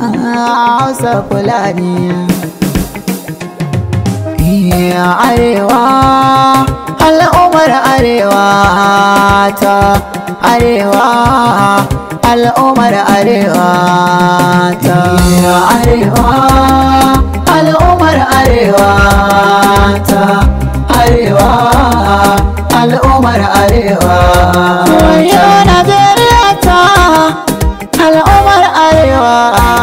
hausa fulani arewa al'ummar arewa ta arewa al'ummar arewa ta arewa al'ummar arewa ta arewa al'ummar arewa ta arewa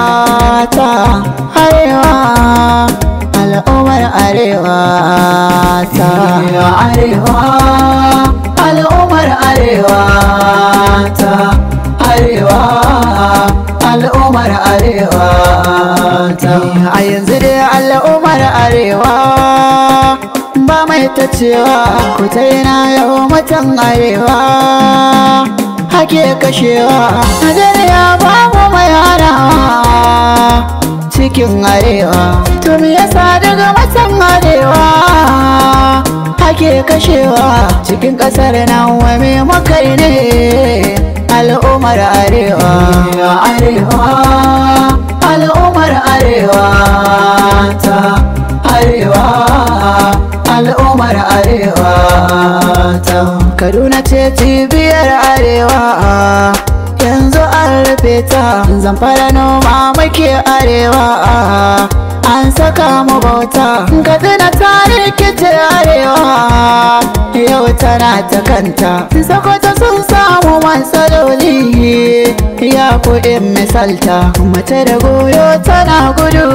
mata arewa al'ummar arewa ta arewa al'ummar arewa ta arewa al'ummar arewa ta a yanzu dai al'ummar arewa ba mai ta cewa ku ta yi na yau matan arewa ake kashewa A ba babu mai harawa mulkin arewa tun yasa daga wasan arewa ake kashewa cikin kasar nan wa me makai ne al'ummar arewa arewa al'ummar arewa ta arewa al'ummar arewa ta kaduna ce cibiyar arewa ta zamfara noma muke arewa an saka mu bauta katsina ta rikice arewa yau tana ta kanta sakwata sun samu matsaloli ya kuɗin misalta mace da goyo tana gudu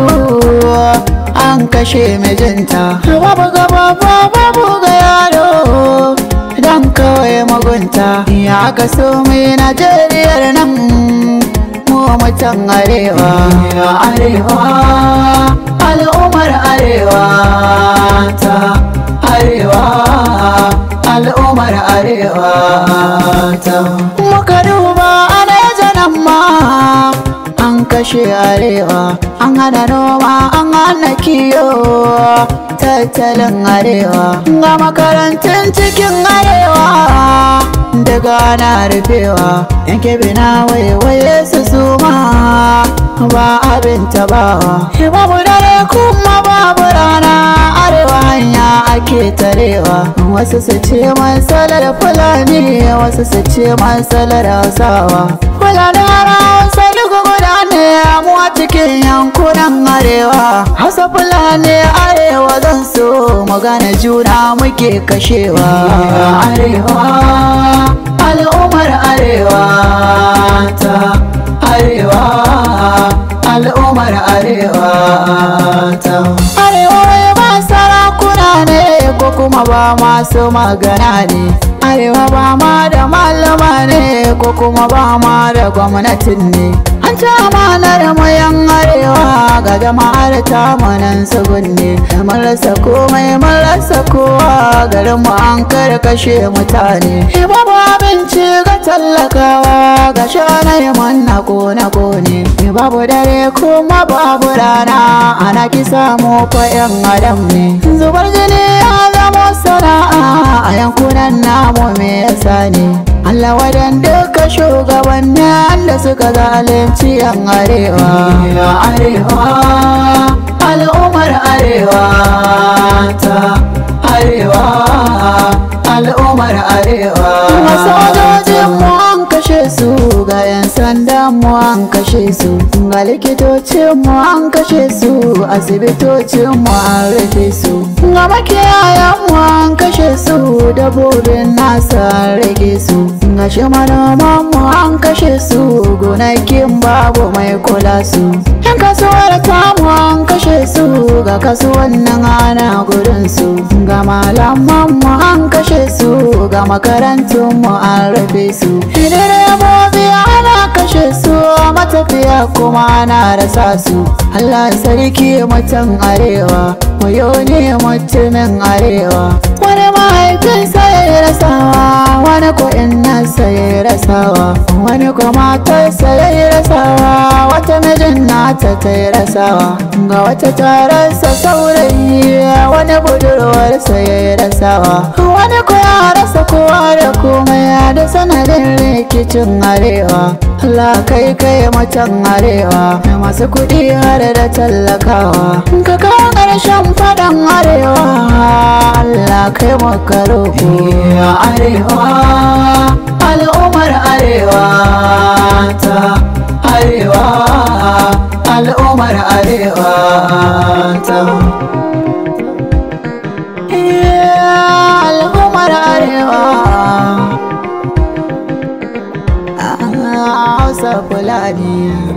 an kashe mijinta babu gaba babu ga yaro dan kawai mugunta ya kaso mai najeriyar nan matan arewa arewa al'ummar arewa ta arewa al'ummar arewa ta muka duba kashe arewa an hana noma an hana kiyo tattalin arewa ga makarantun cikin arewa daga ana rufewa yan kebe na waiwaye su suma ba abin tabawa babu dare kuma babu rana arewa hanya ake tarewa wasu su ce matsalar fulani wasu su ce matsalar hausawa fulani hausa duk fulani mu cikin yankunan arewa hausa fulani arewa zan so magana juna muke kashewa arewa al'ummar arewa ta arewa al'ummar arewa ta arewa ya ba sarakuna ne ko kuma ba masu magana ne arewa ba ma da malama ne ko kuma ba ma da gwamnatin ne an ci amanar mayan arewa ga jama'ar ta manan tsugunne mun rasa komai mun rasa kowa mu an kar kashe mutane babu abinci ga tallakawa ga shanai mun na kone kone babu dare kuma babu rana ana kisa mu fa yan adam ne zubar jini ya zama sana'a a yankunan namu me yasa ne Allah wadan duk da shugabannin da suka zalunci yan arewa arewa al'ummar arewa ta arewa al'ummar arewa masojojin an kashe su ga yan sanda mu an kashe su ga likitocin mu an kashe su asibitocin an rufe su ga makiyayan an kashe su dabobin nasa rage su Gashi manoman mu an kashe su gonakin babu mai kula su. Yan kasuwar tamu an kashe su ga kasuwan nan ana gurin su. Ga malaman mu an kashe su ga makarantun mu an rufe su. Direbobi ana kashe su matafiya kuma ana rasa su. Allah sarki mutum arewa. koyo ne mutumin arewa wani mahaifinsa ya rasawa wani ko nasa ya rasawa wani ko matarsa ya rasawa wata mijin nata ta yi rasawa ga wata tararsa saurayi wani budurwarsa ya rasawa wani na da sanadin rikicin arewa La kai kai macen arewa masu kuɗi har da tallakawa ka kawo ƙarshen faɗan arewa Allah kai makaro ya arewa al'ummar arewa Yeah.